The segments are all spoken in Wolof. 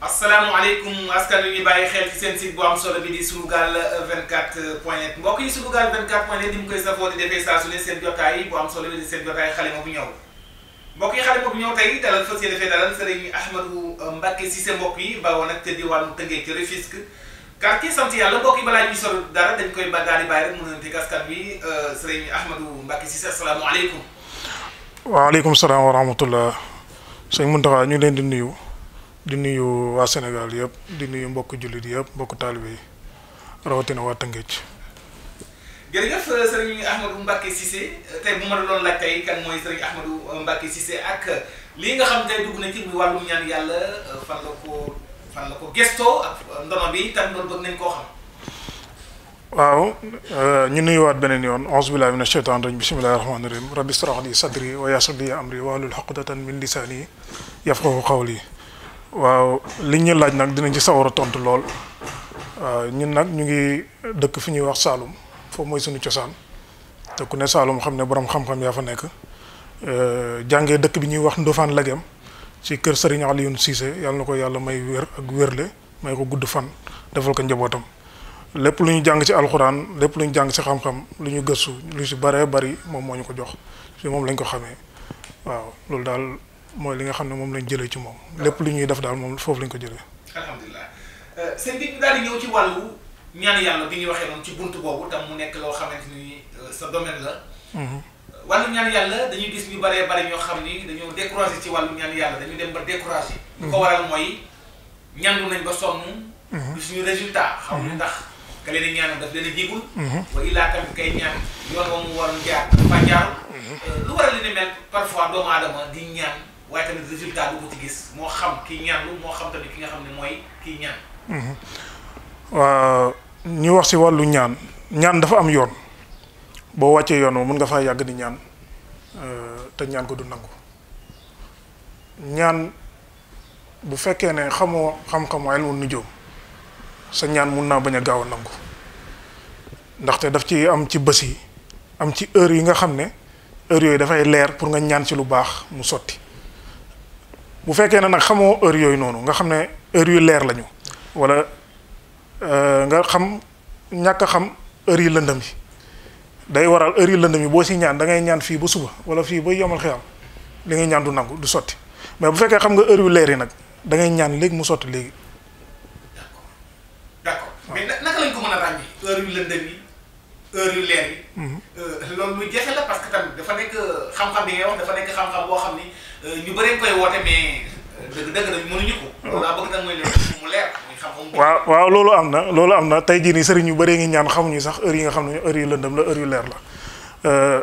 asalaamaaleykum askan wi ñu bàyyi xel ci seen site bu am solo bi di sunugal 24 point mbokk yi sunugal 24 point net di mu koy safoo di defee saa su ne seen jotaay bu am solo bi di seen jotaay xale ma bu ñëw mbokk yi xale bu ñëw tey dalal fas yéene fee dalal sëriñ Ahmadou Mbacké Cissé mbokk yi bawoo nag te diwaanu Tëngéej ci Rufisque quartier sant yàlla mbokk yi balaa sol dara dañ koy ba daal di bàyyi rek mu nante askan wi euh, sëriñ Ahmadou wa rahmatullah sëñ ñu ngi leen di nuyu di nuyu waa Sénégal yëpp di nuyu mbokk jullit yëpp mbokk taalibe yi rawatina waa Tëngéej. jërëjëf euh, sëriñ Ahmadou Mbacké Cissé euh, tey bu ma la doon laaj tey kan mooy sëriñ Ahmadou euh, Mbacké Cissé ak lii nga xam tey dugg nañ koo xam. waaw ñu nuyuwaat beneen yoon auzu billahi mina shaytaan rajim bismillahi rahmaani rahim rabbi israh li sadri wa yassir li amri wahlul uqdatan min lisani yafqahu qawli waaw li ñu laaj nag dinañ ci sawar a tontu lool waaw ñun nag ñu ngi dëkk fi ñuy wax Saalum foo mooy suñu cosaan te ku ne Saalum xam ne borom xam-xam yaa fa nekk jàngee dëkk bi ñuy wax Ndofane Lagem ci kër Serigne yoon Cissé yàlla na ko yàlla may wér ak wérle may ko gudd fan defal ko njabootam. lépp lu ñu jàng ci alxuraan lépp lu ñu jàng ci xam-xam lu ñu gëstu lu si baree bari moom moo ñu ko jox ci moom lañ ko xamee waaw loolu daal mooy li nga xam ne moom lañ jëlee ci moom. lépp lu ñuy def daal moom foofu lañ ko jëlee. alhamdulilah euh, sëñ bi daal di ñëw ci wàllu ñaan yàlla bi ñuy waxee noonu ci bunt boobu tam mu nekk loo xamante ni euh, sa domaine la. Mhm. wàllu ñaan yàlla dañuy gis ñu bëree bëri ñoo xam ni dañoo découragé ci wàllu ñaan yàlla dañu dem ba découragé. lu ko mhm. waral mooy ñandu nañ ba sonn. Mhm. du suñu résultat. xam ñu ndax ka leen ñaanal daf leen a jigul. wa illaa tamit kay ñaan yoon wa mu waroon jaar dafa jaar. Euh, lu waral li ni mel parfois doomu aadama di ñaan waaye gis moo xam mhm. waaw ñu wax si wàllu ñaan ñaan dafa am yoon boo wàccee yoon mun nga faa yàgg di ñaan euh, te ñaan ko du nangu ñaan bu fekkee ne xamoo xam-xamu ilmu nujuum sa ñaan mun naa bañ a gaaw a nangu ndaxte daf ci am ci bés yi am ci heure yi nga xam ne heure yooyu dafay leer pour nga ñaan ci lu baax mu sotti. bu fekkee ne nag xamoo heure yooyu noonu nga xam ne heure yu leer lañu wala euh, nga xam ñàkk xam heure yu lëndëm yi day waral heure yu lëndëm yi boo si ñaan da ngay ñaan fii ba suba wala fii ba yomal xiyam li ngay ñaan du nangu du sotti mais bu fekkee xam nga heure yu leer yi nag da ngay ñaan léegi mu sotti léegi. Mhm. Euh, loolu lu euh, xam-xam waaw loolu am na loolu am na tey jii sëriñ yu bëree ngi ñaan xamuñu sax heure yi xam ne heure yu lëndëm la heure yu leer la euh,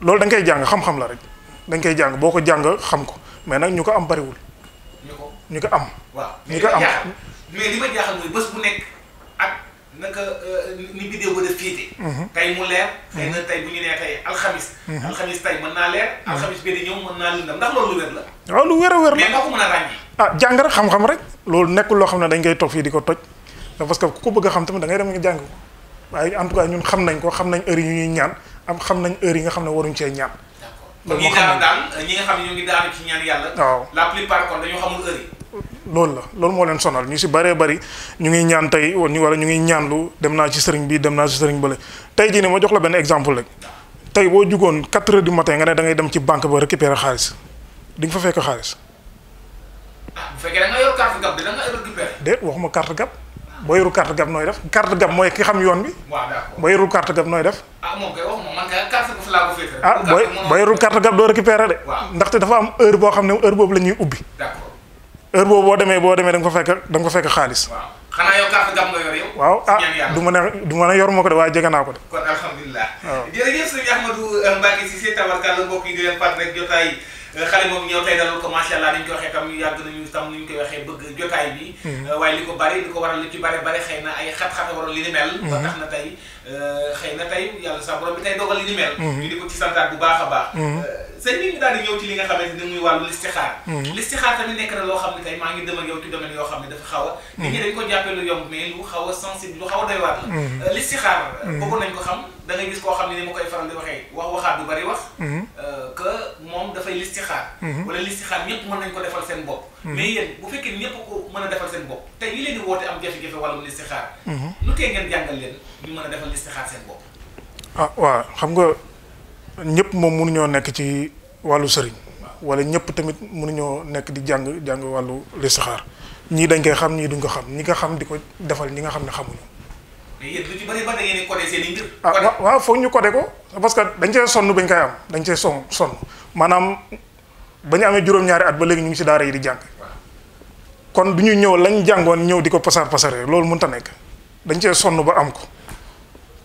loolu da koy jàng xam-xam la rek dañ koy jàng boo ko jàng xam ko mais nag ñu ko am bariwul. ñu ko am. waaw ñu ko am mais li ma jaaxal mooy bés bu nekk. naka euh, ni bidéo ba def féete mhm. tey mu leer mhm. tey bu ñu nee tey alxamis mhm. alxamis tey mën naa leer alxamis bi di ñëw mën naa lëndam ndax loolu lu la waaw lu wér a wér la mais nga ko mën a ràññee ah jàng rek xam-xam rek loolu nekk loo xam ne dañ koy toog fii di ko toj parce que ku ko bëgg a xam tamit da ngay dem nga jàng ko waaye en tout cas ñun xam nañ ko xam nañ heure yi ñuy ñaan xam nañ heure yi nga xam ne waruñ cee ñaan loolu ngi daanu ci ñaan yàlla waaw la plupart kon dañoo xamul heure yi loolu la loolu moo leen sonal ñu si baree bari ñu ngi ñaan tey wala ñu ngi ñaan lu dem naa ci sëriñ bi dem naa ci sëriñ bële tey jii nii ma jox la benn exemple rek tey boo jugoon 4 heures du matin nga ne dem ci banque ba récupérer xaalis di nga fa fekk xaalis. ah bu fekkee da nga waxuma carte gab boo yorul carte gab nooy def carte gab mooy ki xam yoon bi. waaw d'accord boo yorul carte nooy def. ah moom kay waxuma man kay carte bu fi laa ah, doo récupérer de. ndaxte dafa am heure boo xam ne heure boobu lañuy ubbi. heure boobu boo demee boo demee da nga ko fekk da nga ko fekk xaalis. waaw xanaa yow carte gam nga yor yow. waaw ah du ma ne du ne yor ma ko de waaye jege naa ko de. kon alhamdulilah. waaw jërëjëf euh, yi di euh, yàgg nañu tam ni ñu koy waxee bëgg jotaay bi. Hmm. Euh, waaye li ko bari li ko waral li ci bari bari xëy ay xat-xat waral li ni mel. Hmm. ba na tey. Euh, xëy na tey yàlla sa borom bi tey dogal li ni mel. Mhm. ñu di ko ci santaat bu baax a baax. Mhm. Euh, sëñ bi ñu daal di ñëw ci li nga xamante ne muy wàllu listixaar. Mhm. listixaar tamit nekk na loo xam ne tey maa ngi dem ak yow ci domaine yoo xam ne dafa xaw a. nit ñi dañ ko jàppee lu yomb mais lu xaw a sensible lu xaw a doy waar la. Euh, listixaar. bëggoon nañ ko xam da gis koo xam ne ni ma koy faral di waxee wax waxaat du bari wax. que moom dafay listixaar. wala listixaar ñëpp mën nañ ko defal seen bopp. Mm-hmm. mais yéen bu fekkee ñëpp ko mën a defal seen bopp te ñi leen woote am jafe-jafe wàllum listixaar mm-hmm. lu tee ngeen jàngal leen ñu mën a defal listixaar seen bopp ah waaw xam nga ñëpp moom mënuñoo nekk ci wàllu sëriñ wala ñëpp tamit mënuñoo nekk di jàng jàng wàllu listixaar ñii dañ koy xam ñii duñ ko xam ñi nga xam di ko defal ñi nga xam ne xamuñu ah waaw foog ñu codé ko parce que dañ cee sonn bañ koy am dañ cee son ba ñu amee juróom-ñaari at ba léegi ñu ngi si daara yi di jàng kon du ñu ñëw lañ jàngoon ñëw di ko pasar pasare loolu mënta nekk dañ cee sonn ba am ko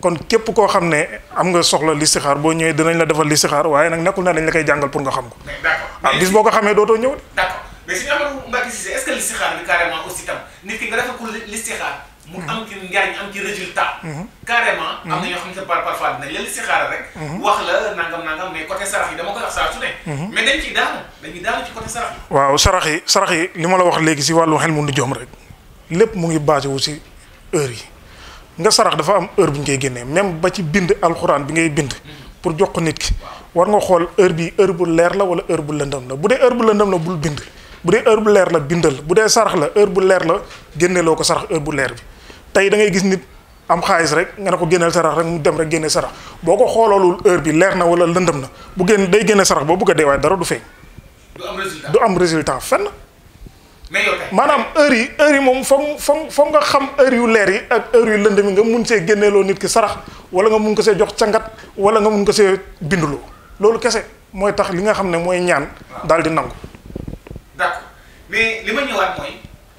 kon képp koo xam ne am nga soxla xaar boo ñëwee dinañ la defal xaar waaye nag nekkul ne dañ la koy jàngal pour nga xam ko. d'accord ah, bis boo ko xamee dootoo ñëw. d'accord mu am ci njariñ yi dama waaw sarax yi sarax yi li ma la wax léegi si wàllu xel mu joom rek lépp mu ngi basé wu si heure yi nga sarax dafa am heure bu ñu koy génnee même ba ci bind alxuraan bi ngay bind. pour jox ko nit ki. war nga xool heure bi heure bu leer la wala heure bu lëndëm la bu dee heure bu lëndëm la bul bind bu dee bu leer la bindal bu dee sarax la heure bu leer la génneeloo ko sarax heure bu leer bi tey da ngay gis nit am xaalis rek nga ne ko génneel sarax rek mu dem rek génne sarax boo ko xooloolul heure bi leer na wala lëndëm na bu génn day génne sarax boo bëgg a dee waaye dara du feeñ. du am résultat du am résultat fenn. mais maanaam heure yi heure yi moom foog foog foog nga xam heure yu leer yi ak heure yu lëndëm yi nga mun see génneeloo nit ki sarax wala nga mun ko see jox cangat wala nga mun ko see binduloo loolu kese mooy tax li nga xam ne mooy ñaan. Ah. daal di nangu.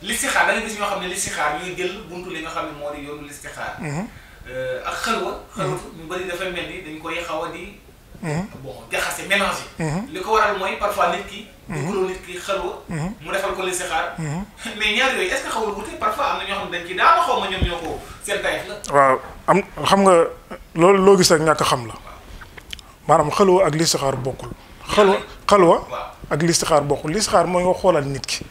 listixaar da nga gis ñoo xam ne listixaar ñooy jël buntu li nga xam ne moo di yoonu listixaar mhm. euh, ak xalwa mhm. mhm. jaxase mélangé li ko waral mooy parfois nit ki dugaloo nit ki xalwa mu defal ko listixaar mais ñaar yooyu est-ce que xawul wute parfois am na ñoo xam ne dañ ci waaw am xam nga loolu loo gis rek ñàkk xam la maanaam xalwa ak listixaar bokkul xalwa xalwa ak listixaar bokkul listixaar mooy nga xoolal nit ki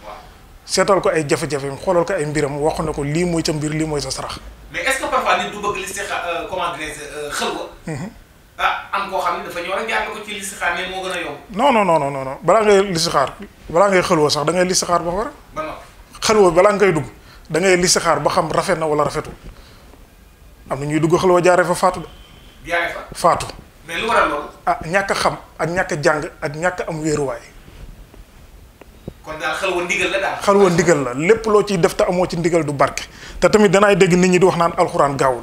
seetal ko ay jafe-jafeem xoolal ko ay mbiram wax na ko lii mooy sa mbir lii mooy sa sarax. mais est-ce que parfois du bëgg listixaar euh, euh, ko mhm. ah, moo gën a yomb. non non balaa ngay listixaar balaa ngay xëlwa sax dangay ngay listixaar ba pare. ba noppi ngay dugg da ngay xam rafet na wala rafetul am na ñuy dugg xëlwa jaaree fa faatu de. faatu. ah ñàkk a xam ak ñàkk a jàng ak ñàkk am wéeruwaay. kon daal xalwa ndigal la lépp loo ciy def te amoo ci ndigal du barke te tamit danaay dégg nit ñi di wax naan alxuraan gaawul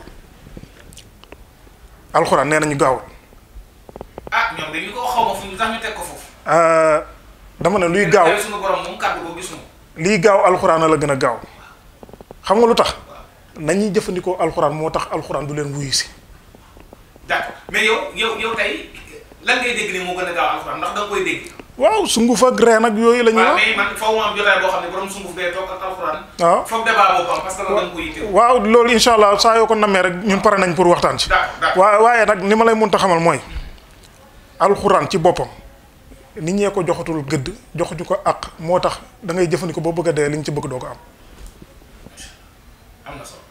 alxuraan nee nañu gaawul. Ah, ah, dama ne luy gaaw suñu borom liy gaaw alxuraan la gën a gaaw xam nga lu tax nañuy jëfandikoo alxuraan moo tax alxuraan du leen wuyu si. waaw sunguf ak reen ak yooyu la na waaw waaw ah. foog débat boobu am loolu koy saa yoo ko namee rek ñun pare nañ pour waxtaan ci. waaw waaye nag ni ma lay mënta xamal mooy. alxuraan ci boppam. nit ñee ko joxatul gëdd joxuñu ko ak moo tax dangay ngay boo bëgg a dee li nga ci bëgg doo ko am. am na solo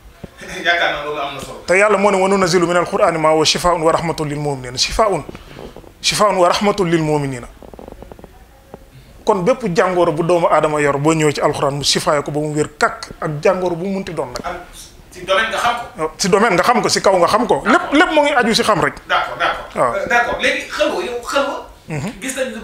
yaakaar naa loolu am na solo. te yàlla moo ne wa nunazzilu min alxuraani maa wa shifaun wa rahmatul lil muminina shifaun shifaun wa rahmatul kon bépp jàngoro bu doomu aadama yor boo ñëwee ci alxuraan mu sifaay ko ba mu wér kakk ak jàngoro bu mu munti doon nag. ci domaine nga xam ko. Ah, ci kaw nga xam ko. lépp lépp mu ngi aju ci xam rek. d'accord d'accord ah. euh, léegi xelwa yow xelwa. Mhm. gis nañ lu euh,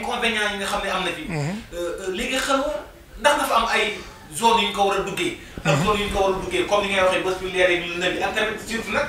nga xam ne am na fi. Mhm. Euh, léegi xelwa ndax dafa am ay zone yu ñu ko war a duggee. Mhm. ak zone yu ñu ko war a duggee comme ni ngay waxee bés bu leeree ñu ne bi ak tamit surtout nag.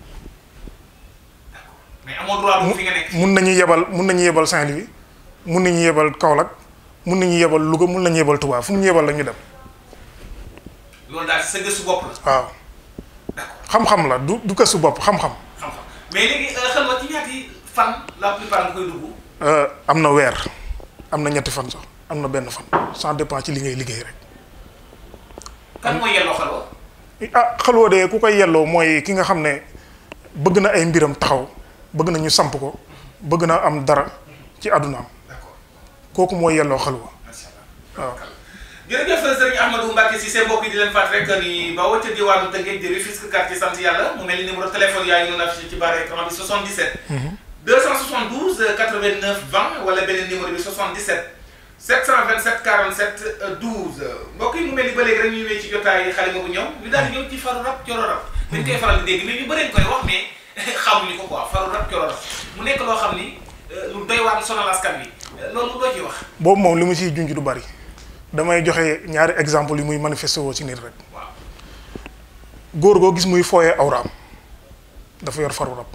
mais amoo droit mun nañu yebal mun nañu yebal Saint-Louis mun nañu yebal Kaolack mun nañu yebal Louga mun nañu yebal Touba fu mu ñu yebal la ñu la. waaw. xam-xam la du du gëstu bopp xam-xam. Euh, euh, am na weer am na ñetti fan sax am na benn fan ça dépend ci li ngay liggéey rek. kan mooy yelloo xalwa. ah xalwa de ku koy yelloo mooy ki nga xam ne bëgg na ay mbiram taxaw. bëgg nañu ñu samp ko bëgg na am dara ci àddunaam kooku mooy yelloo xalwa waaw jërëjëf sëriñ Ahmadou Mbacke si seen mbokk yi di leen fàtt rek ni ba wacca diwaanu Tëngéej di Rufisque quartier sant yàlla mu mel ni numéro téléphone yaa ngi noonu affiché ci barre écran bi 77 272 89 20 wala beneen numéro bi 77 727 47 12 mbokk yi mu mel ni ba léegi rek ñuy wéy ci jotaay xale nga bu ñëw ñu daal di ci faru rab coro rab mhm. dañ koy mu nekk loo xam ni euh, lu doy waar sonal askan bi euh, loolu moom li mu siy junj du bari damay joxe ñaari exemple yi muy manifesté woo ci nit rek. góor goo gis muy fooyee awraam dafa yor faru rab.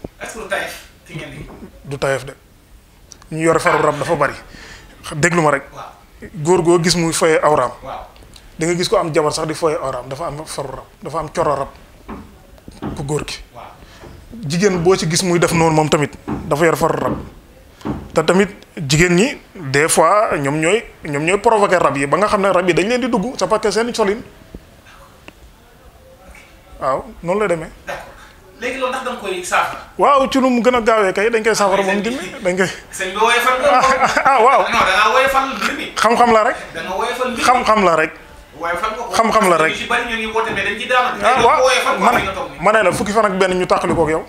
du tayef de ñu yor faru rab dafa bari déglu ma rek. góor goo gis muy fooyee awraam. da gis ko am jabar sax di fooyee awraam dafa am faru rab dafa am coro rab ku góor ki. jigéen boo ci gis muy def noonu moom tamit dafa yar far rab te tamit jigéen ñi des fois ñoom ñooy ñoom ñooy provoquer rab yi ba nga xam ne rab yi dañ leen di dugg c'est parce que seen solin waaw noonu la demee. léegi waaw ci lu mu gën a gaawee kay dañ koy saafara moom dimmi dañ koy. Ah, waaw. da nga woyofal mbir mi. xam-xam la rek. da xam-xam la rek. xam-xam la rek ah, waaw man ma ne la fukki fan ak benn ñu tàqali kook yow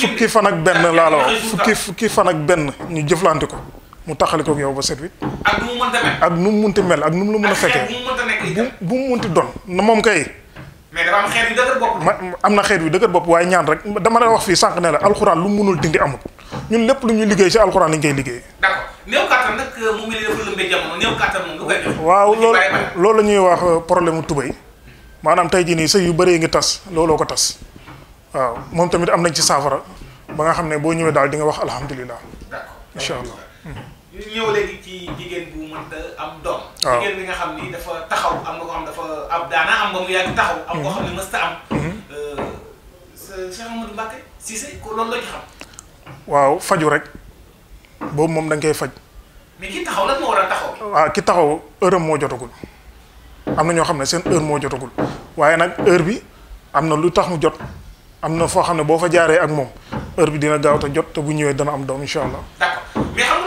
fukki fan ak benn laa la wax fukki fukki fan ak benn ñu jëflante ko mu taxali kook yow ba set wit ak nu mu munti mel ak nu mu la mën a fekkee bu mu munti doon na moom kay. mais dafa am xeet yu dëgër bopp. ma am na xeet yu dëgër bopp waaye ñaan rek dama la wax fii sànq ne la alxuraan lu mu munul dindi amut. ñun lépp lu ñuy liggéey ci alxuraan lañ koy liggéey. Euh, waaw loolu loolu la ñuy wax euh, problème mu tubay maanaam tey jii nii sëy yu bëree ngi tas looloo ko tas waaw moom tamit am nañ ci saafara ba nga xam ne boo ñëwee daal di nga wax alhamdulilah. d'accord allah. ñu ñëw am doom. waaw am mhm. mhm. euh, loolu la xam. waaw faju rek boobu moom da koy faj. mais ki taxaw lan moo war a taxaw. waaw ah, ki taxaw heure am moo jotagul am na ñoo xam ne seen heure moo jotagul waaye nag heure bi am na lu tax mu jot am na foo xam ne boo fa jaaree ak moom heure bi dina gaaw te jot te bu ñëwee dana am doom incha allah. d'accord mais xam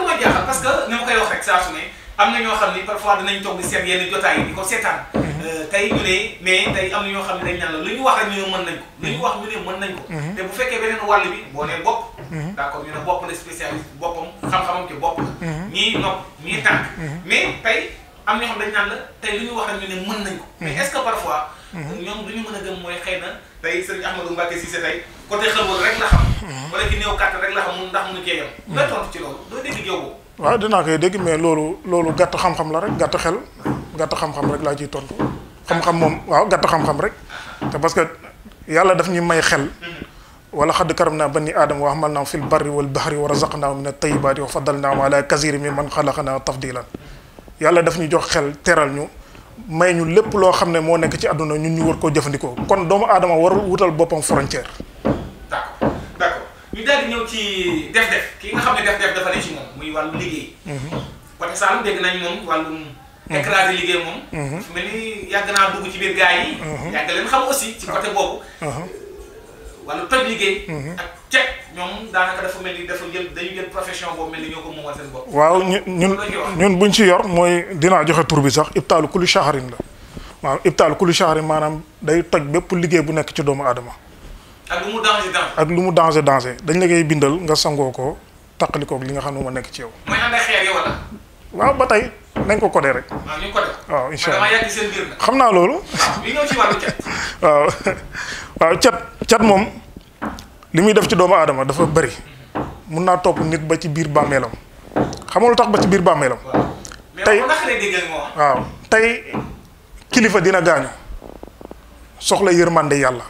nga lu koy wax rek saa su am na ñoo xam ni parfois danañ toog di seet yenn jotaay yi di ko seetaan. Mhm. Euh, tey ñu ne mais tey am na ñoo xam ne dañ naan la lu ñu wax rek ñu ne mën nañ ko. lu ñu mhm. wax ñu mhm. te bu fekkee beneen wàll bi boo nee bopp. d' accord ñu ne bopp la spécialiste boppam xam-xamam ci bopp la. ñii nopp ñii tànk. mais tey am na ñoo xam dañ naan la lu ñu wax rek ñu ne mën nañ ko. mais est ce que parfois. ñoom lu ñu mën a gëm mooy xëy na tey sëñ Ahmadou Mbacke Cissé tey côté xel rek la xam. wala ki néew kàtt rek la xam mun ndax munu cee yem. waaw dinaa koy dégg mais loolu loolu gàtt xam-xam la rek gàtt xel gàtt xam-xam rek laa ciy tontu xam-xam moom waaw gàtt xam-xam rek te parce que yàlla daf ñu may xel wala xadd karam naa bani aadama wa xamal naa fil bari wal war a saq bahri wa razaqnaahum min at-tayyibaati wa faddalnaahum ala kasiiri mimman xalaqnaa tafdiilan yàlla daf ñu jox xel teral ñu may ñu lépp loo xam ne moo nekk ci àdduna ñun ñu war koo jëfandikoo kon doomu aadama warul wutal boppam frontière ñu daal ñëw ci def-def ki nga xam ne def-def dafa ci moom muy wàllu liggéey. Mhm. côté Saalum dégg nañ moom wàllum. Mhm. écrasé liggéey moom. mel ni ñoo ko moomal seen bopp. waaw ñun ñun buñ ci yor mooy dinaa joxe tur bi sax ibtaalu kulli shahrin la. waaw ibtaalu kulli shahrin maanaam day toj bépp liggéey bu nekk ci doomu aadama ak lu mu danger danger. dañ la koy bindal nga sangoo ko taqalikoog li nga xam ne moo nekk ci yow. mooy waaw ba tey nañ ko codé rek. waaw xam naa loolu. waaw li cat. cat moom li muy def ci doomu aadama dafa bari mun naa topp nit ba ci biir bàmmeelam xam lu tax ba ci biir bàmmeelam. tey waaw tey kilifa dina gaañu soxla yërmande yàlla.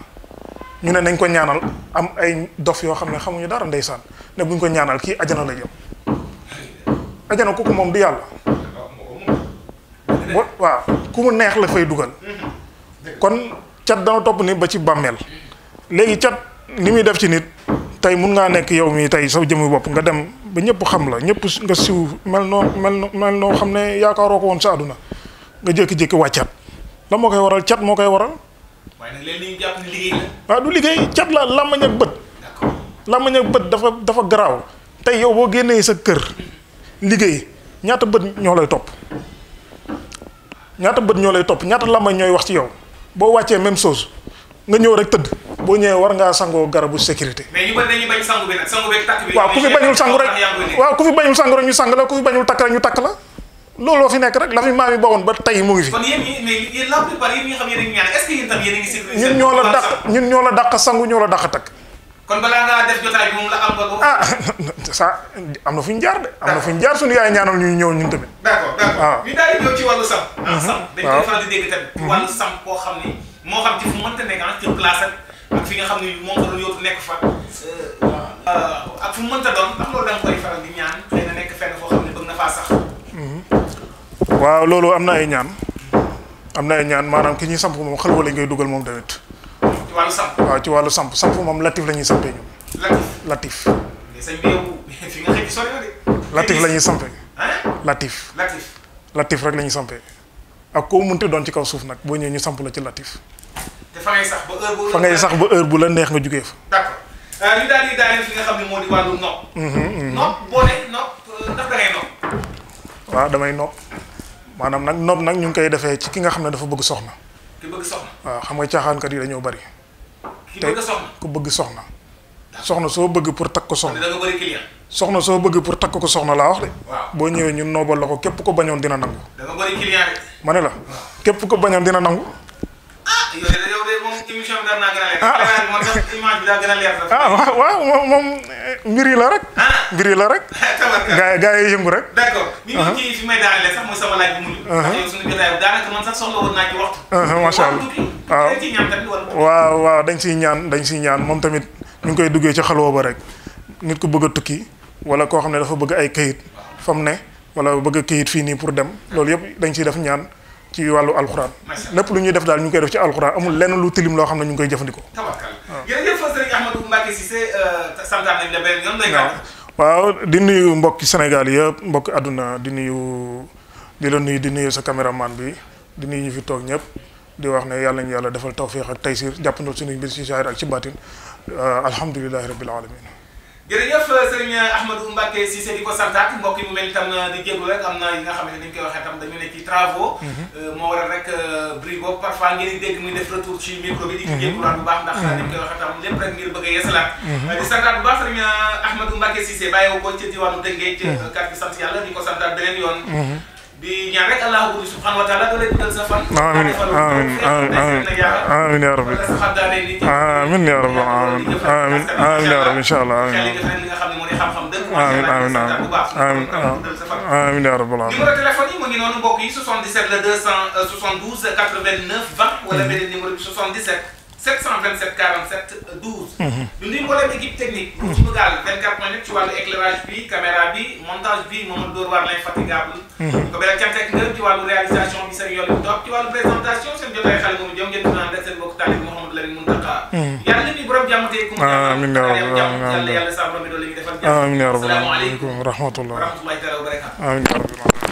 ñu ne nañ ko ñaanal am ay dof yoo xam ne xamuñu dara ndeysaan ne buñ ko ñaanal kii ajana la jëm ajana kooku moom du yàlla waaw ku mu neex la fay dugal kon cat dana topp ni ba ci bàmmeel léegi cat li muy def ci nit tey mun ngaa nekk yow mi tey sa jëmmi bopp nga dem ba ñëpp xam la ñëpp nga siw mel noo mel mel noo xam ne yaakaaroo ko woon sa àdduna nga jékki-jékki wàccaat la moo koy waral cat moo koy waral waaye nag liggéey ah, du liggéey cat la làmmañ ak bët. d'accord ak bët dafa dafa garaaw tey yow boo génnee sa kër liggéey ñaata bët ñoo lay topp ñaata bët ñoo lay topp ñaata làmmañ ñooy wax ci yow boo wàccee même chose nga ñëw rek tëdd. boo ñëwee war ngaa sangoo garabu sécurité. mais bañ sangu bi nag ku fi bañul sangu rek waaw ku fi bañul sangu rek ñu sang la ku fi bañul takk rek ñu takk la. looloo fi nekk rek la fi maam yi bokkoon ba tey mu ngi fi. kon yéen ñi la plupart yéen ñi xam yéen ngi ñaan kon balaa ngaa def jotaay bi ak fi nga xam ni moom la nekk fa. Euh, euh, ak fu mënta doon ndax loolu da koy faral di ñaan fenn foo xam ne bëgg na faa sax mhm. waaw loolu am na ay ñaan am na ay ñaan maanaam ki ñuy samp moom xalwa lañ koy dugal moom tamit. ci wàllu samp waaw samp moom latif la ñuy sampee ñun. latif latif. fi latif la ñuy sampee. ak koo munti doon ci kaw suuf nag boo ñëwee ñu samp la ci latif. te fa ngay sax ba heure bu. la neex nga jugee fa. d'accord damay nopp. maanaam nag nopp nag ñu ngi koy defee ci ki nga xam ne dafa bëgg soxna. ki waaw xam nga caaxaankat yi dañoo bari. ki ku bëgg soxna. soxna soo bëgg pour takk ko soxna. soxna soo bëgg pour takk ko soxna laa wax de. boo ñëwee ñun noobal la ko képp ko bañoon dina nangu. da ne la képp ko bañoon dina nangu. Ah, Ah. ah waaw waaw moom mbir yi la rek. Ah. mbir yi la rek. gaa gaa yi yëngu rek. d'accord uh-huh. uh-huh. ñu uh-huh, waaw waaw waaw dañ ciy ñaan dañ ciy ñaan moom tamit ñu ngi koy duggee ci xalwa wooba rek nit ku bëgg a tukki wala koo xam ne dafa bëgg ay kayit fam ne wala bëgg a fii nii pour dem loolu yëpp dañ ciy def ñaan. ci wàllu alxuraan. lépp lu ñuy def daal ñu ngi koy def ci alxuraan amul lenn lu tilim loo xam ne ñu ngi koy jëfandikoo. Euh, waaw di nuyu mbokki senegal yëpp mbokki àdduna di nuyu di la nuyu di nuyu sa caméraman bi di nuyu ñu fi toog ñëpp di wax ne yàlla ñu yàlla defal tawfiix ak taysir jàppandal suñu mbir ci saahir ak ci baatin euh, alhamdulilahi rabbil alamin jërëjëf euh, sëriñ euh, Ahmadou Mbacké Cissé di ko santaat mbokk yi mu mel itam euh, di jégalu rek am na yi nga xam ne dañ koy waxee tam dañu ne ci travaux. Mhm. moo waral rek bruit boobu parfois ngeen di dégg muy def retour ci micro bi. di ko mhm. jégaluwaat bu baax ndax mhm. dañ koy waxee tam lépp rek ngir bëgg a yeesalaat. di santaat bu baax sëriñ Ahmadou Mbacké Cissé bàyyi ko ca diwaanu sant yàlla di ko santaat beneen yoon. di ñaan rek allah bu subhanahu wa taala doole dundal sa fan. amiin amiin amiin amiin yaa rabbi amiin yaa rabbi amiin amiin amiin yaa rabbi incha allah amiin amiin amiin amiin amiin yaa rabbi numéro téléphone yi mu ngi noonu mbokk yi 77 la 272 89 20 wala beneen numéro bi 77. 727 47 12. du nuyu mboolem équipe technique. bu Sunugal 24 point net ci wàllu éclairage bi caméra bi montage bi moom Dóor waar l'infatigable. Mhm. ko beral cant ak ngërëm ci wàllu réalisation bi seen yoon bi topp ci wàllu présentation seen jotaay xale moom jëm ngeen doon ànd ak seen mbokk taalib Mouhamadou Lamine Mountakha. Mhm. yàlla nit ñi borom jàmm tey. amiin yaa rabbal aalamiin yàlla yàlla saa borom bi doon li ñu defal jàmm. amiin yaa rabbal aalamiin salaamaaleykum wa rahmatulah wa rahmatulah.